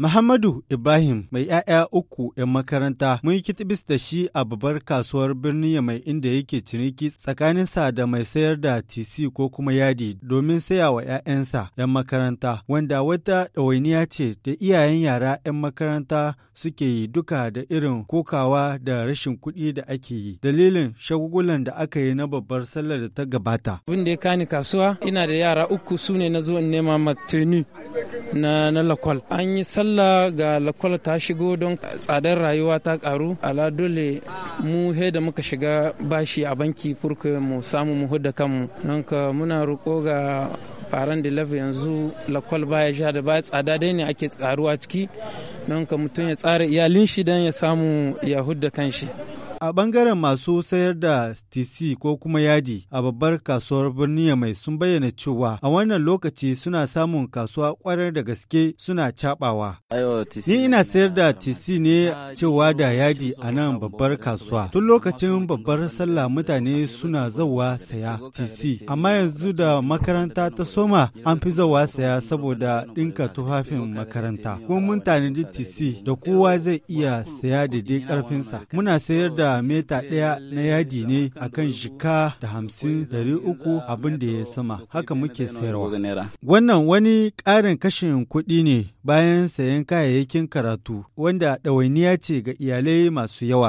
Muhammadu Ibrahim mai ‘ya'ya uku ‘yan makaranta mun yi kitibis da shi a babbar kasuwar birnin mai inda yake ciniki tsakaninsa da mai sayar da tisi ko kuma yadi domin saya wa ‘ya'yansa ‘yan makaranta wanda wata ɗawainiya ce da iyayen yara ‘yan makaranta suke yi duka da irin kokawa da rashin kuɗi da ake yi dalilin shagugulan da aka yi na babbar sallar da ta gabata. Abin da ya kani kasuwa ina da yara uku su ne na zo in nema matenu na lakwal. An yi sallar illa ga lakwal ta shigo don tsadar rayuwa ta karu ala dole mu he da muka shiga bashi a banki furke mu samu mu hudda kanmu don ka muna roƙo ga faran da lafi yanzu lakwal baya sha da baya tsada dai ne ake tsaruwa ciki don ka mutum ya tsara iyalin shi don ya samu ya hudda kanshi A bangaren masu sayar da tisi ko kuma yadi a babbar kasuwar birni mai sun bayyana cewa a wannan lokaci suna samun kasuwa kwarar da gaske suna cabawa. Ni ina sayar da tisi ne cewa da yadi a nan babbar kasuwa. Tun lokacin babbar sallah mutane suna zawa saya tisi. Amma yanzu da makaranta ta soma an fi zawa saya saboda ɗinka tufafin makaranta. Kuma mun tanadi tisi da kowa zai iya saya daidai ƙarfinsa. Muna sayar da meta ɗaya na yadi ne akan jika da hamsin dari uku abin da ya sama haka muke sayarwa. Wannan wani ƙarin kashin kuɗi ne bayan sayan kayayyakin karatu wanda ɗawainiya ce ga iyalai masu yawa.